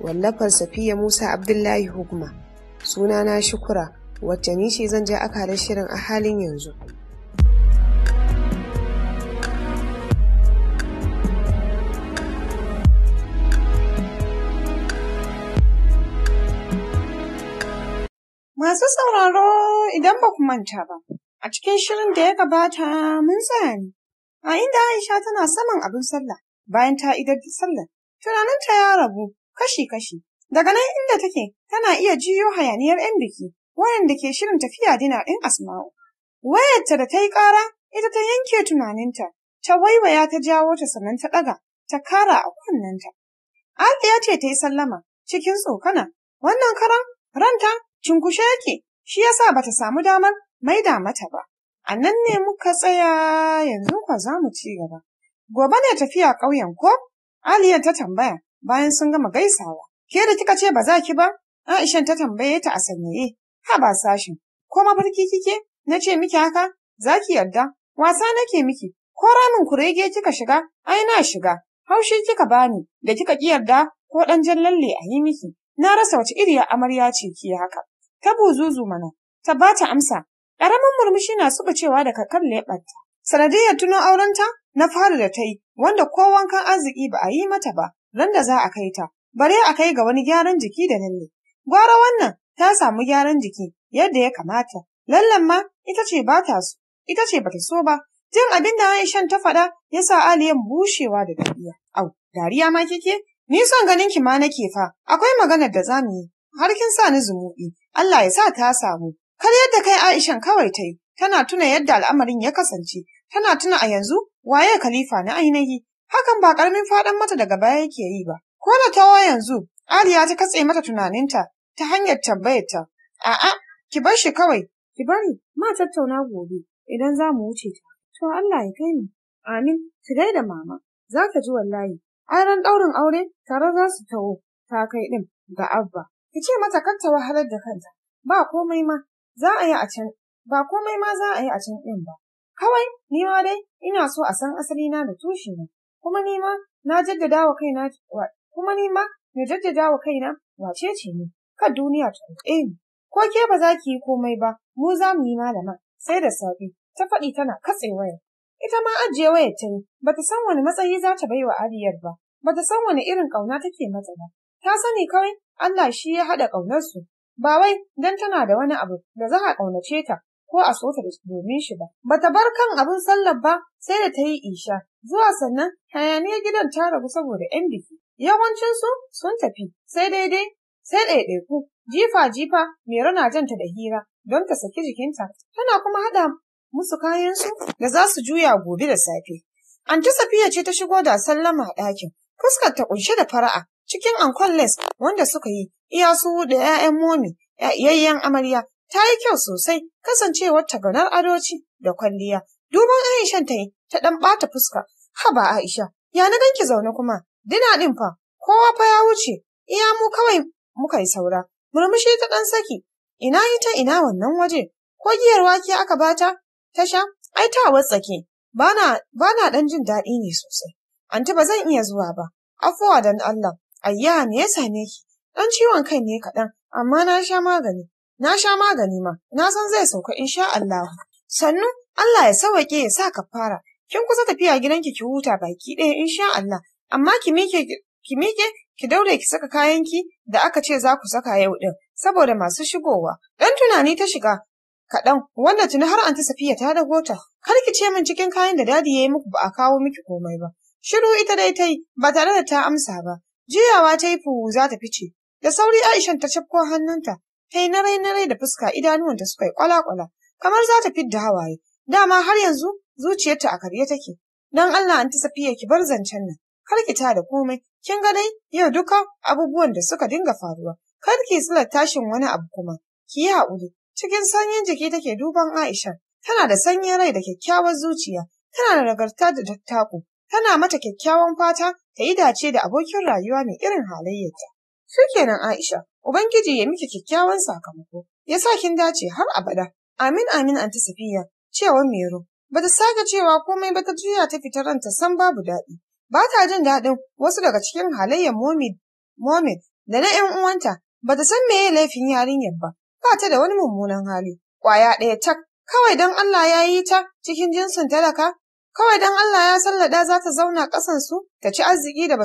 wallafar safiya musa abdullahi Hukuma, suna na shukura wacce nishi zan je da shirin a halin yanzu Masu sauraro idan ba ku manta ba, a cikin shirin da ya gabata mun tsaya a inda Aisha tana saman abin sallah bayan ta idar da sallah, tunaninta ya rabu kashi-kashi. Daga nan inda take, tana iya jiyo hayaniyar 'yan biki, wayanda ke shirin tafiya dina ɗin Asma'u. Wayarta da ta yi ƙara, ita ta yanke tunaninta, ta waiwaya ta jawo ta sannan ta ɗaga, ta kara a kunnenta. Aliya ce ta yi sallama, cikin tsokana, wannan karan ranta cinkushe yake, shi ya sa ba ta samu damar maida mata ba. A nan ne muka tsaya yanzu kwa za mu ci gaba. Gobe ne tafiya ƙauyen ko? Aliyan ta tambaya, bayan sun gama gaisawa. Ke da kika ce ba za ki ba? Aisha ta tambaye ta a sanyaye. Ha ba sashin. Ko mafarki kike? Na ce miki haka? Za ki yarda. Wasa nake miki. Ko ramin kurege kika shiga? Ai na shiga. Haushi kika bani da kika ki yarda ko ɗan dan lalle a yi miki. Na rasa wace iriya amarya ce ki haka. Ta buzuzu mana. Ta bata amsa. Ƙaramin murmushi na cewa daga kan leɓarta. Sanadiyar tuno aurenta na fara da ta yi, wanda ko wankan arziki ba a yi mata ba, ran da za a kai ta, bare a kai ga wani gyaran jiki da lalle. Gwara wannan ta samu gyaran jiki yadda ya kamata, lallan ma ita ce ba ta so, ita ce ba ta so ba. Jin abin da Aishan ta faɗa ya sa Aliyan bushewa da dariya. Au, dariya ma kike? Ni son ganin ki ma nake fa, akwai maganar da za mu yi, har kin sa ni zumuɗi, Allah ya sa ta samu. Kar yadda kai Aishan kawai ta yi, tana tuna yadda al'amarin ya kasance, tana tuna a yanzu waye khalifa na ainihi, Hakan ba ƙaramin faɗan mata daga baya yake yi ba. Ko da tawa yanzu, ya ta katse mata tunaninta ta hanyar ta A'a, ki bar shi kawai. Ki bari, ma tattauna gobe idan za mu wuce ta. To Allah ya kai ni. Amin, ki da mama. Za ka ji wallahi. Ai ran ɗaurin aure tare za su taho ta kai ɗin ga Abba. Ki ce mata kar ta wahalar da kanta. Ba komai ma za a yi a can. Ba komai ma za a yi a can ɗin ba. Kawai ni ma dai ina so a san asalina da tushina. kuma ni ma na jaddada wa kaina kuma ni na jaddada wa kaina wace ce ni kan duniya ta roƙe ko ke ba za ki yi komai ba mu za mu yi malama sai da safe ta faɗi tana katse waya. ita ma ajiye wayar ta yi ta san wani matsayi za ta wa ariyar ba Ba ta san wani irin ƙauna take mata ba ta sani kawai Allah shi ya haɗa ƙaunarsu ba wai dan tana da wani abu da za a ƙaunace ta ko a sota domin shi ba. Ba ta bar kan abin sallar ba sai da ta yi isha, Zuwa sannan, hayaniyar gidan ta ragu saboda ‘yan biki, yawancinsu sun tafi, sai daidai, sai ɗaiɗaiku, jifa-jifa, mai rana janta da hira don ta saki jikinta, tana kuma haɗa musu kayansu da za su juya gobe da safe. Anti Safiya ce ta shigo da sallama a ɗakin, fuskar ta ƙunshe da fara'a, cikin ankon les wanda suka yi iya su da 'ya'yan momi, yayyen amarya, ta yi kyau sosai kasancewar ta ganar adoci da kwalliya. Duban shan ta yi ta ɗan ɓata fuska Haba Aisha, ya na ganki zaune kuma, dina ɗin fa, kowa fa ya wuce, iya mu kawai muka yi saura, murmushi ta ɗan saki, ina ita ina wannan waje, ko giyar wake aka bata, tasha, ai ta watsake, bana bana ɗan jin daɗi ne sosai. Anti ba zan iya zuwa ba, afuwa dan Allah, ayya me ya same ki, ɗan ciwon kai ne kaɗan, amma na sha magani, na sha magani ma, na san zai sauka insha Allah. Sannu Allah ya sauke ya sa ka fara, Kin kusa tafiya gidanki ki huta baki ɗaya in insha Allah, amma ki miƙe ki miƙe ki daure ki saka kayanki da aka ce za ku saka yau ɗin, saboda masu shigowa. Ɗan tunani ta shiga kaɗan, wanda tuni har Anta Safiya ta dago ta. Kar ki ce min cikin kayan da dadi ya yi muku ba a kawo miki komai ba. Shiru ita dai ta yi ba tare da ta amsa ba. jiyawa ta yi fuhu za ta fice. Da sauri Aishan ta cafko hannunta, ta yi narai-narai da fuska idanuwanta suka yi kwala-kwala, kamar za ta fidda hawaye. Dama har yanzu zuciyarta a karye take. Don Allah Anta Safiya ki bar zancen nan. Kar ki ta da komai. Kin ga dai yau duka abubuwan da suka dinga faruwa. Kar ki sila tashin wani abu kuma. Ki yi haƙuri. Cikin sanyin jiki take duban Aisha. Tana da sanyin rai da kyakkyawar zuciya. Tana da nagarta da dattako. Tana mata kyakkyawan fata ta yi dace da abokin rayuwa mai irin halayyarta. kenan Aisha, Ubangiji ya miki kyakkyawan sakamako, ya sa kin dace har abada. Amin amin anti Safiya, cewa Mero, Ba ta sake cewa komai ba ta juya ta fita ranta san babu daɗi. Ba ta jin daɗin wasu daga cikin halayyar Mohammed, da na ‘yan uwanta, ba ta san meye laifin yarinyar ba, ba ta da wani mummunan hali. Kwaya ɗaya tak, kawai don Allah ya yi ta cikin jinsin talaka, kawai don Allah ya sallada za ta zauna ƙasansu ta ci arziki da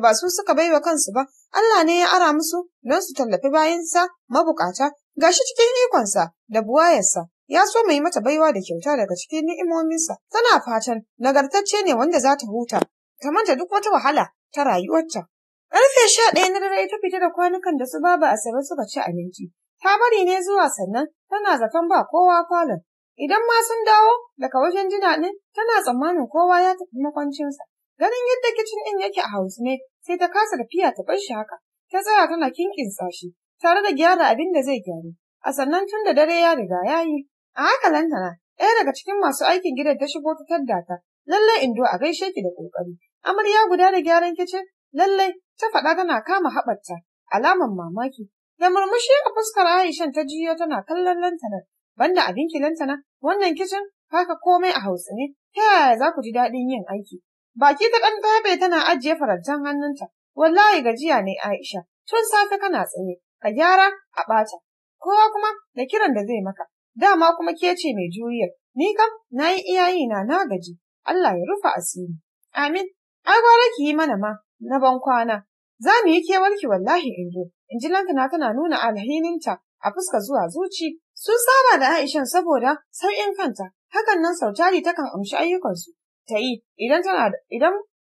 ba su suka wa kansu ba, Allah ne ya ara musu don su tallafi bayansa mabukata, gashi cikin ikonsa da buwayarsa, ya so mai mata baiwa da kyauta daga cikin ni'imominsa tana fatan nagartacce ne wanda za ta huta ta manta duk wata wahala ta rayuwarta karfe sha ɗaya na dare ta fita da kwanukan da su baba asabe suka ci abinci ta bari ne zuwa sannan tana zaton ba kowa falon idan ma sun dawo daga wajen jina ɗin tana tsammanin kowa ya tafi makwancinsa ganin yadda kicin ɗin yake a hausa ne sai ta kasa tafiya ta bar shi haka ta tsaya tana kinkin shi tare da gyara abin da zai gyaru a sannan tun da dare ya riga ya yi A haka lantana, ɗaya daga cikin masu aikin gidan ta shigo ta tadda ta. Lallai Indo a gaishe ki da ƙoƙari. Amarya guda da gyaran kicin, lallai ta faɗa tana kama haɓarta. Alaman mamaki. Da murmushi a fuskar Aisha ta jiyo tana kallon lantana. Banda abinki lantana, wannan kicin haka komai a hausa ne. Ta yaya za ku ji daɗin yin aiki? Baki ta ɗan fabe tana ajiye farantan hannunta. Wallahi gajiya ne Aisha. Tun safe kana tsaye, ka gyara a ɓata. Kowa kuma da kiran da zai maka. Dama kuma ke ce mai juriyar, ni kam na yi iyayi na na gaji, Allah ya rufe asiri. Amin, ai gwara ki yi mana ma, na ban kwana. Za mu yi kewarki wallahi in zo, in ji lantana tana nuna alhininta a fuska zuwa zuci. Sun saba da Aishan saboda sauƙin kanta, hakan nan sautari takan amshi ayyukansu. Ta yi idan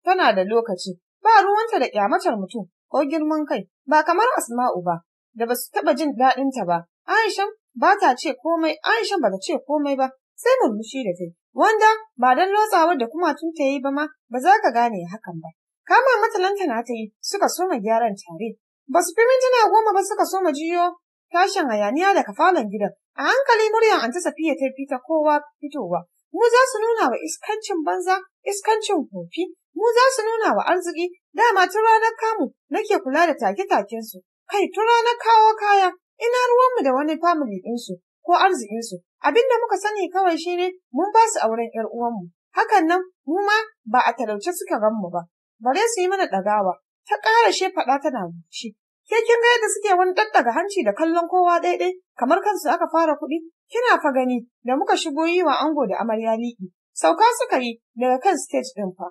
tana da, lokaci, ba ruwanta da kyamatar mutum ko girman kai, ba kamar Asma'u ba, da ba su taɓa jin daɗinta ba. Aishan ba ta ce komai, Aisha ba ta ce komai ba, sai murmushi da zai. wanda ba don lotsawar da kuma tun ta yi ba ma ba za ka gane hakan ba. Kama matalanta na ta yi suka soma gyaran tare, ba su fi mintuna goma ba suka soma jiyo tashin hayaniya daga falon gidan, a hankali muryar Anta Safiya ta fita kowa fitowa. mu za su nuna wa iskancin banza, iskancin kofi, mu za su nuna wa arziki, dama tun ranar kamu nake kula da take-takensu, kai tun ranar kawo kaya, Ina ruwanmu da wani famili ɗinsu ko arzikinsu, abinda muka sani kawai shine mun ba su auren ‘yar uwanmu. Hakan nan mu ma ba a talauce suka ganmu ba, bare su yi mana ɗagawa. Ta ƙara she faɗa tana bushi. Ke kin ga yadda suke wani ɗaɗɗaga hanci da kallon kowa ɗaiɗai kamar kansu aka fara kuɗi? Kina fa gani da muka shigo yi wa ango da amarya liƙi. Sauka suka yi daga kan stage ɗin fa.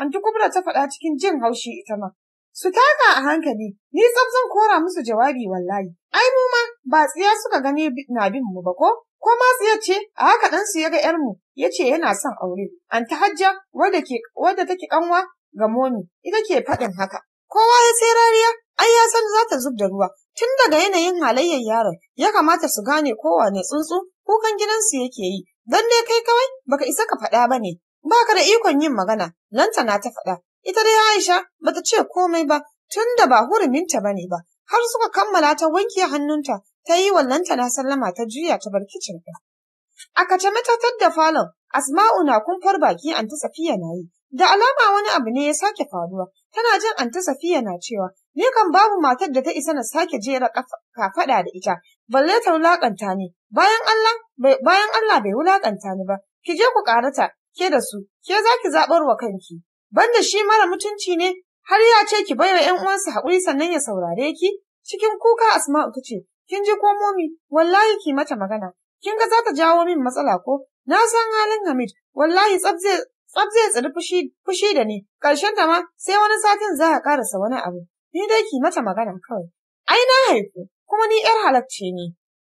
Anti Kubra ta faɗa cikin jin haushi ita ma. Su taka a hankali, ni tsab zan kora musu jawabi wallahi. Ai mu ma ba tsiya suka gani na bin mu ba ko? Ko ma ce a haka ɗansu ya ga ‘yarmu ya ce yana son aure. an ta Hajja wadda take ƙanwa ga Momi ita ke faɗin haka. Kowa ya sai rariya ai ya san za ta zub da ruwa. Tun daga yanayin halayyar yaron ya kamata su gane kowane tsuntsu kukan gidansu yake yi. Don dai kai kawai baka isa ka faɗa ba ne. Ba ka da ikon yin magana, lantana ta faɗa. Ita dai Aisha bata ce komai ba tun da ba huruminta ba ne ba, har suka kammala ta wanke hannunta ta yi wallanta na sallama ta juya ta bar kicin ɗin. A kace matatar da falon, Asma'u na kumfar baki Anta Safiya na yi, da alama wani abu ne ya sake faruwa, tana jin Anta Safiya na cewa, ni kan babu matar da ta isa na sake jera kafaɗa da ita, balle ta wulaƙanta ne, bayan Allah bayan Allah bai wulaƙanta ni ba, ki je ku ƙarata, ke da su, ke za ki zaɓar wa kanki. banda shi mara mutunci ne har ya ce ki baiwa 'yan uwansa haƙuri sannan ya saurare ki cikin kuka Asma'u ta ce kin ji ko momi wallahi ki mata magana kin ga za ta jawo min matsala ko na san halin Hamid wallahi tsabze zai tsiri fushi da ni Karshen ta ma sai wani satin za a ƙarasa wani abu ni dai ki mata magana kawai ai na haifu kuma ni 'yar halacce ne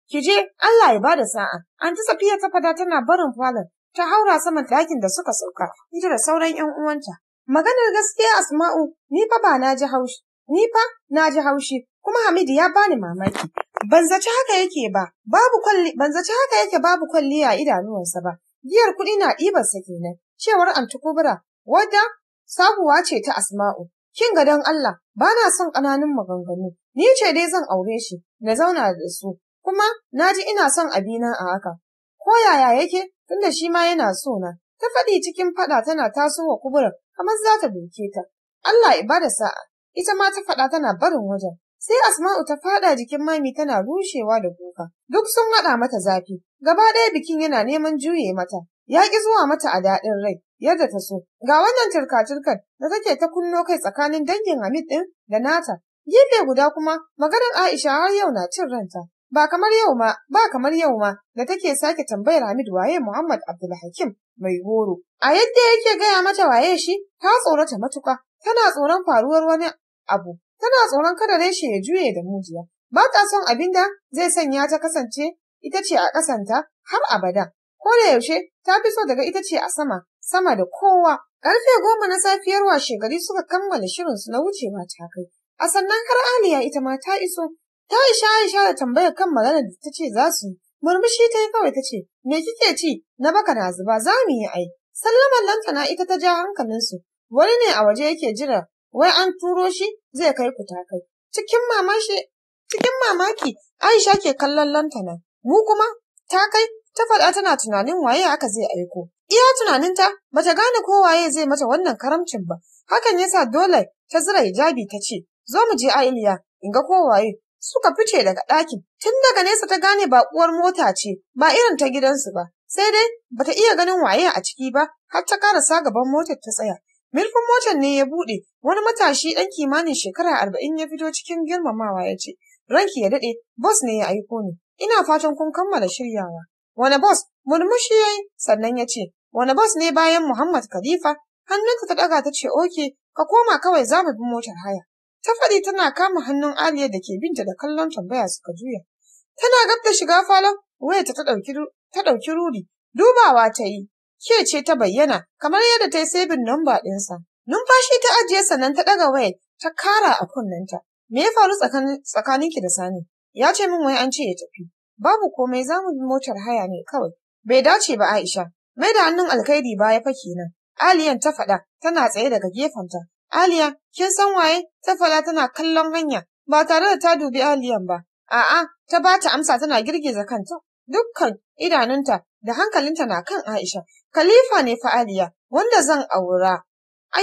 ki je Allah ya bada sa'a anti Safiya ta fada tana barin falon ta haura saman ɗakin da suka sauka ita da sauran 'yan uwanta Maganar gaskiya Asma'u, ni fa ba na ji haushi, ni fa na ji haushi, kuma Hamidu ya bani mamaki. Ban zaci haka yake ba, babu kwalli, a idanuwansa ba. Giyar kuɗi na ɗibarsa kenan, cewar anti kubura, wadda sabuwa ce ta Asma'u. Kin ga don Allah, ba na son ƙananun maganganu, ni ce dai zan aure shi, na zauna da su, kuma na ji ina son abina a haka. Ko yaya yake, tunda shi ma yana so na. Ta faɗi cikin faɗa tana tasowa kuburar kamar za ta doke ta. Allah ya bada sa'a, ita ma ta faɗa tana barin wajen. Sai Asma'u ta faɗa jikin mami tana rushewa da kuka. Duk sun haɗa mata zafi, gaba ɗaya bikin yana neman juye mata. Ya ƙi zuwa mata a daɗin rai, yadda ta so. Ga wannan turka turkan da take ta kunno kai tsakanin dangin Hamid ɗin da nata. Gefe guda kuma maganar Aisha har yau na cin ranta. Ba kamar yau ma, ba kamar yau ma da take sake tambayar Hamid waye Muhammad Abdulhakim mai horo. A yadda yake gaya mata waye shi, ta tsorata matuka tana tsoron faruwar wani abu, tana tsoron kada reshe ya juye da mujiya. Ba ta son abin da zai sanya ta kasance ita ce a kasanta har abada. Ko da yaushe ta fi so daga ita ce a sama, sama da kowa. Karfe goma na safiyar washe gari suka kammala shirin su na wucewa ta kai. A sannan har Aliya ita ma ta iso, Ta yi sha sha da tambayar kan magana da ta ce za su yi. Murmushi ta yi kawai ta ce, Me kike ci? Na baka na zuba za mu yi ai. Sallamar lantana ita ta ja hankalinsu. Wani ne a waje yake jira, wai an turo shi zai kai ku ta kai. Cikin mamashi, cikin mamaki Aisha ke kallon lantana. Mu kuma ta kai ta faɗa tana tunanin waye aka zai aiko. Iya tunanin ta, bata gane ko waye zai mata wannan karamcin ba. Hakan yasa dole ta zira hijabi ta ce, Zo mu je a Iliya, in ga ko waye, suka fice daga ɗakin. Tun daga nesa ta gane ba uwar mota ce, ba irin ta gidansu ba. Sai dai ba ta iya ganin waye a ciki ba, har ta karasa gaban motar ta tsaya. Mirfin motar ne ya buɗe, wani matashi ɗan kimanin shekara arba'in ya fito cikin girmamawa ya ce, Ranki ya daɗe, bos ne ya aiko ni, ina fatan kun kammala shiryawa. Wani bos? Murmushi ya yi, sannan ya ce, Wani bos ne bayan Muhammad Khalifa? Hannunta ta ɗaga ta ce, Oke, ka koma kawai za mu bi motar haya. Ta faɗi tana kama hannun Aliya da ke binta da kallon tambaya suka juya. Tana gab da shiga falon, wayarta ta ɗauki ruri, dubawa ta yi, ke ce ta bayyana kamar yadda ta yi sabin namba ɗinsa. Numfashi ta ajiye sannan ta ɗaga wayar, ta kara a kunnenta. Me ya faru ki da Sani? Ya ce min wai an ce ya tafi. Babu komai za mu bi motar haya ne kawai. Bai dace ba Aisha. Mai da hannun alkhairi baya fa kenan. Aliyan ta faɗa tana tsaye daga gefenta Aliya, kin san waye? Ta tana kallon hanya, ba tare da ta dubi Aliyan ba. A'a, ta ba ta amsa tana girgiza kanta. Dukkan idanunta da hankalinta na kan Aisha. Khalifa ne fa Aliya, wanda zan aura. A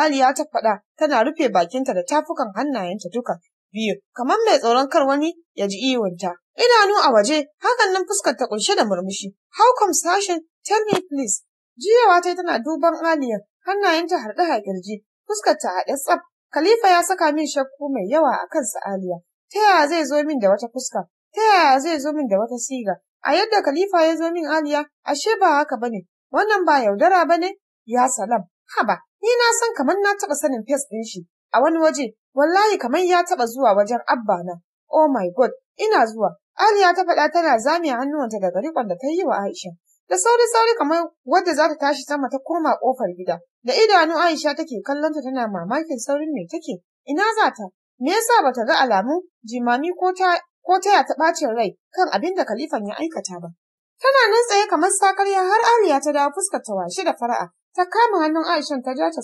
Aliya ta faɗa, tana rufe bakinta da tafukan hannayenta duka biyu, kamar mai tsoron kar wani ya ji iwonta. Idanu a waje, hakan nan fuskar ta kunshe da murmushi. How come Sashin? Tell me please. Jiyawa ta tana duban Aliya, hannayenta harɗe a kirji, fuskar ta haɗe tsaf. Khalifa ya saka min shakku mai yawa a kan Aliya. Ta yaya zai zo min da wata fuska? Ta yaya zai zo min da wata siga? A yadda Khalifa ya zo min Aliya, ashe ba haka ba ne, wannan ba yaudara ba ne? Ya salam, haba, ni na san kamar na taɓa sanin fes ɗin shi a wani waje, wallahi kamar ya taɓa zuwa wajen abba na. Oh my god, ina zuwa. Aliya ta faɗa tana zame hannuwanta daga riƙon da ta yi wa Aisha. Da sauri sauri kamar wadda za ta tashi sama ta koma ƙofar gida. Da idanu Aisha take kallonta tana mamakin saurin me take, ina za ta? Me yasa bata ga alamu jimami ko ta ko taya ta bacin rai kan abin da kalifan ya aikata ba. Tana nan tsaye kamar sakarya har Aliya ta dawo fuskar ta washe da fara'a, ta kama hannun aisha ta ja ta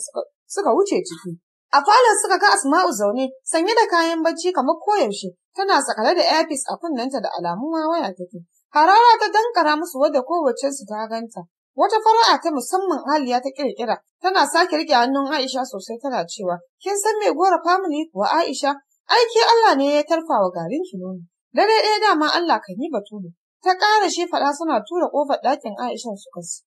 suka wuce ciki. A falon suka ga Asma'u zaune, sanye da kayan bacci kamar koyaushe, tana sakale da airpiece a kunnenta da alamu ma waya take. Harara ta dankara musu wadda kowace su ta ganta, Wata fara'a ta musamman Aliya ta kirkira tana sake rike hannun Aisha sosai tana cewa kin san mai gora famili kuwa Aisha aiki Allah ne ya tarfa wa garin ki nono. Dare ɗaya dama Allah kan yi batulu. Ta ƙara shi faɗa suna tura ƙofar ɗakin Aisha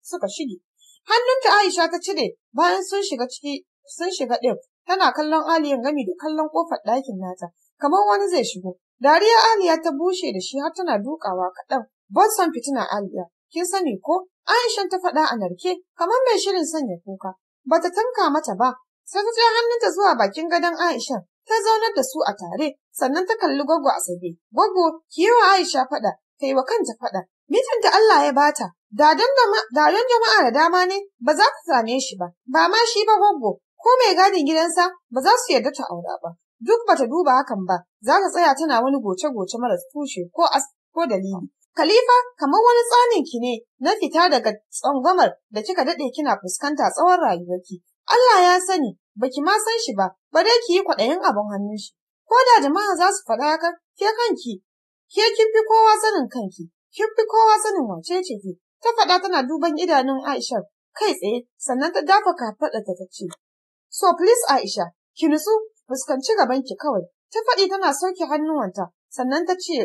suka shige. Hannunta Aisha ta cire bayan sun shiga ciki sun shiga ɗin tana kallon Aliyan gami da kallon ƙofar ɗakin nata kamar wani zai shigo. Dariya Aliya ta bushe da shi har tana dukawa kaɗan. Ban san fitina Aliya, kin sani ko? Aishan ta faɗa a narke, kamar mai shirin sanya kuka. bata tanka mata ba, sai ta ja hannunta zuwa bakin gadon Aisha ta zaunar da su a tare, sannan ta kalli Gwaggo a sabe. Gwaggo, ki yi wa Aisha faɗa, kaiwa wa kanta faɗa. Mijin Allah ya bata, da don jama'a da dama ne, ba za ta same shi ba, ba ma shi ba Gwaggo, ko mai gadin gidansa ba za su yarda ta aura ba. Duk bata duba hakan ba, za ta tsaya tana wani goce-goce mara tushe ko ko dalili. Khalifa kamar wani tsanin ki ne na fita daga tsangwamar da kika daɗe kina fuskanta tsawon rayuwarki. Allah ya sani baki ma san shi ba, ba dai ki yi kwaɗayin abin hannun shi. Ko da jama'a za su faɗa haka, ke kanki, ke kin fi kowa sanin kanki, kin fi kowa sanin wace ce ki. Ta faɗa tana duban idanun Aisha kai tsaye sannan ta dafa kafaɗarta ta ce, So please Aisha, ki nutsu fuskanci gaban ki kawai. Ta faɗi tana sauke hannuwanta sannan ta ce,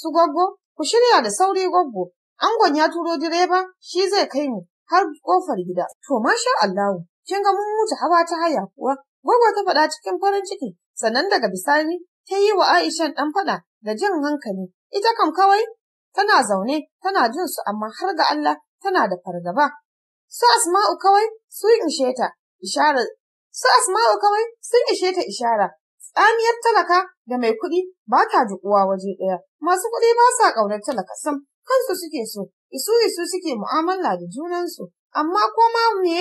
Su gwaggo, Ku shirya da sauri goggo, angon ya turo direba shi zai kai mu har kofar gida. To masha Allahu, kin ga mun wuce hawa ta haya kuwa. Goggo ta faɗa cikin farin ciki, sannan daga bisani ta yi wa Aisha ɗan faɗa da jin hankali. Ita kam kawai tana zaune tana jin su amma har ga Allah tana da fargaba. Su Asma'u kawai sun isheta isharar su Asma'u kawai sun ishe ta ishara Tsamiyar talaka da mai kuɗi ba ta jiƙuwa waje ɗaya. Masu kuɗi ba sa ƙaunar talaka sam, kansu suke so, isu isu suke mu'amala da junansu. Amma ko ma me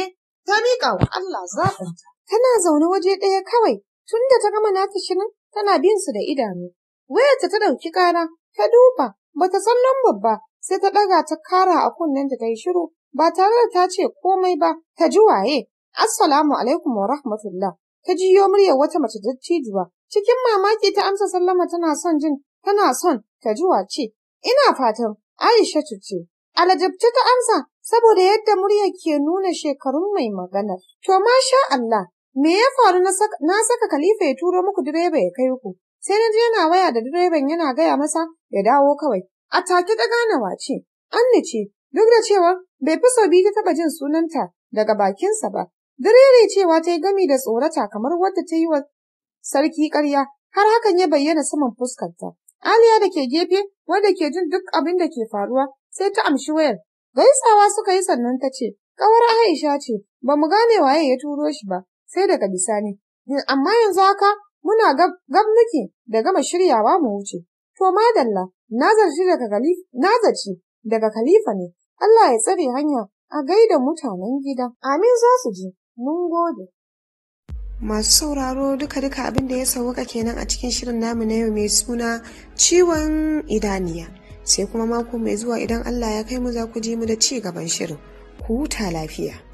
ta miƙa wa Allah zaɓinta. Tana zaune waje ɗaya kawai, tun da ta gama nata shirin tana bin su da idanu. Wayarta ta ɗauki ƙara, ta duba, bata san lambar ba, sai ta ɗaga ta kara a kunnen da ta yi shiru, ba tare da ta ce komai ba, ta ji waye. Assalamu alaikum wa rahmatullah. ta jiyo muryar wata mace dattijuwa. Cikin mamaki ta amsa sallama tana son jin, tana son ta ji wace. Ina fatan Aisha ce. Alajabta ta amsa saboda yadda muryar ke nuna shekarun mai magana. To ma masha Allah, me ya faru na saka Khalifa ya turo muku direba ya kai ku? Sai na ji yana waya da direban yana gaya masa ya dawo kawai. A take ta gane wace, Anni ce, duk da cewa bai fi sau biyu ta taba jin sunanta daga bakinsa ba, Direre cewa ta yi gami da tsorata kamar wadda ta yi wa sarki karya, har hakan ya bayyana saman fuskarta. Aliya da ke gefe, wadda ke jin duk abin da ke faruwa, sai ta amshi wayar. Gaisawa suka yi sannan ta ce, ƙawar Aisha ce, ba mu gane waye ya turo shi ba, sai daga bisani. Amma yanzu haka muna gab, gab da gama shiryawa mu wuce. To madalla, na zarci daga na zarci daga Khalifa ne. Allah ya tsare hanya a gaida mutanen gida. Amin za su ji. Mun gode. Masu sauraro duka-duka abin da ya sauka kenan a cikin shirin namu na yau mai suna ciwon idaniya. Sai kuma mako mai zuwa idan Allah ya kai mu za ku ji mu da ci gaban shirin. Ku huta lafiya.